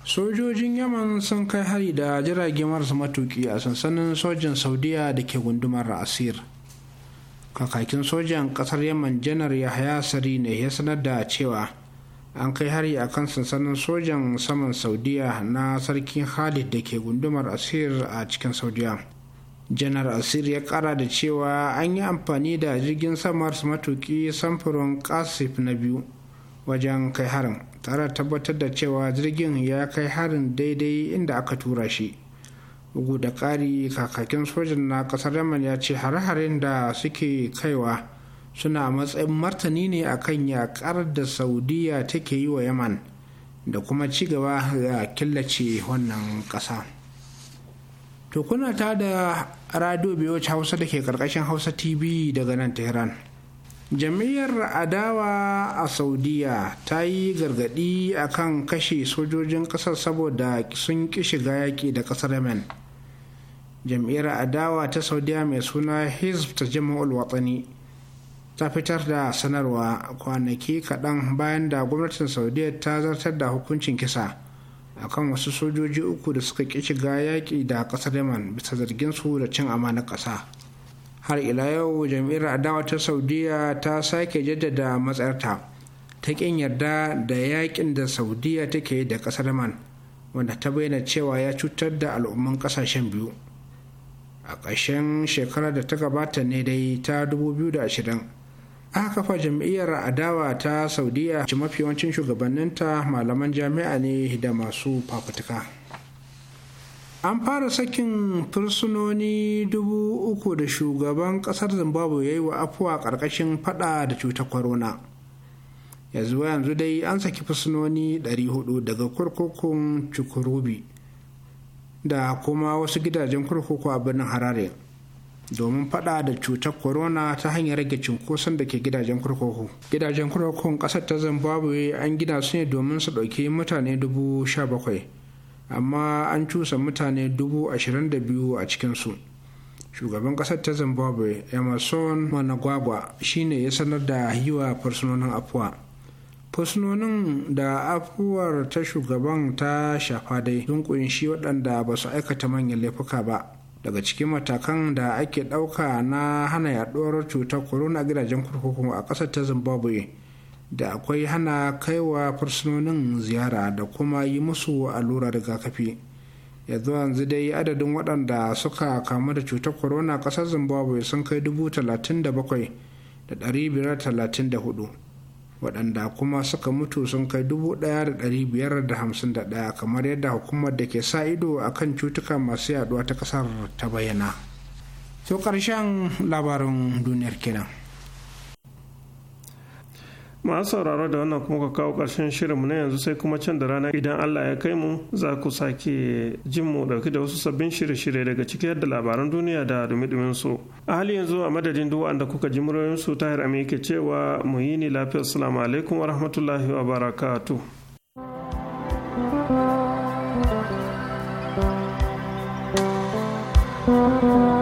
sojojin yaman sun kai hari da jirage marasa matuki a sansanin sojin saudiya da ke gundumar asir kakakin sojan kasar yaman janar yahaya sari ne ya sanar da cewa an kai hari a kan sansanin sojan saman saudiya na sarkin khalid da ke gundumar asir a cikin saudiya janar asir ya kara da cewa an yi amfani da jirgin samar matuki samfurin kasif na biyu wajen kai harin tare da tabbatar da cewa jirgin ya kai harin daidai inda aka tura shi bugu da ƙari kakakin sojan na ƙasar yaman ya ce hare-haren da suke kaiwa suna matsayin martani ne akan yaƙar da saudiya take yi wa yaman da kuma ci gaba ga killace wannan ƙasa to kuna ta da radio biyu hausa da ke ƙarƙashin hausa tv daga nan tehran jami'ar adawa a saudiya ta yi gargadi kan kashe sojojin kasar saboda sun ki shiga yaƙi da ƙasar yemen Jami'ar adawa ta saudiya mai suna hizb ta jama'ul watsani ta fitar da sanarwa kwanaki kaɗan bayan da gwamnatin saudiya ta zartar da hukuncin kisa a kan wasu sojoji uku da suka ƙi shiga yaƙi da ƙasar yemen bisa zarginsu da cin amanar ƙasa har ila yau jam'iyyar adawa ta saudiya ta sake jaddada matsarta ta ƙin yarda da yakin da saudiya take da ƙasar man wanda ta bayyana cewa ya cutar da al'umman ƙasashen biyu a ƙarshen shekarar da ta gabata ne dai ta 2020 aka kafa jam'iyyar adawa ta saudiya mafi yawancin shugabanninta malaman jami'a ne da masu fafutuka. an fara sakin fursunoni dubu uku da shugaban kasar zimbabwe ya yi wa afuwa karkashin fada da cutar corona yanzu yanzu dai an saki fursunoni 400 daga kurkukun Cikurubi da kuma wasu gidajen kurkuku a birnin harare domin fada da cutar corona ta hanyar rage cunkoson da ke gidajen kurkuku gidajen kurkukun kasar ta zimbabwe an gina su ne domin su ɗauki mutane dubu amma an cusa mutane dubu ashirin da biyu a cikinsu shugaban kasar ta zimbabwe emerson managwagwa shine ya sanar da yiwa fursunonin afuwa fursunonin da afuwar ta shugaban ta shafa dai don kunshi waɗanda ba su aikata manyan laifuka ba daga cikin matakan da ake ɗauka na hana yaɗuwar cutar corona gidajen kurkuku a ƙasar ta zimbabwe da akwai hana kaiwa fursunonin ziyara da kuma yi musu allurar rigakafi zuwa yanzu dai adadin waɗanda suka kamu da cutar corona ƙasar zimbabwe sun kai dubu talatin da bakwai da ɗari biyar talatin da hudu waɗanda kuma suka mutu sun kai dubu ɗaya da ɗari biyar da hamsin da ɗaya kamar yadda hukumar da ke sa ido a kan cutuka masu yaɗuwa ta ƙasar ta bayyana to ƙarshen labarin duniyar kenan. masu sauraro da wannan kuma ka kawo ƙarshen mu na yanzu sai kuma can da rana idan Allah ya kai mu za ku sake jin mu dauki da wasu sabbin shirye-shirye daga ciki da labaran duniya da dumi su a hali yanzu a madadin duk wanda kuka ji muryoyin su tahir amin ke cewa mu yi ni lafiya assalamu alaikum wa rahmatullahi wa barakatu. thank you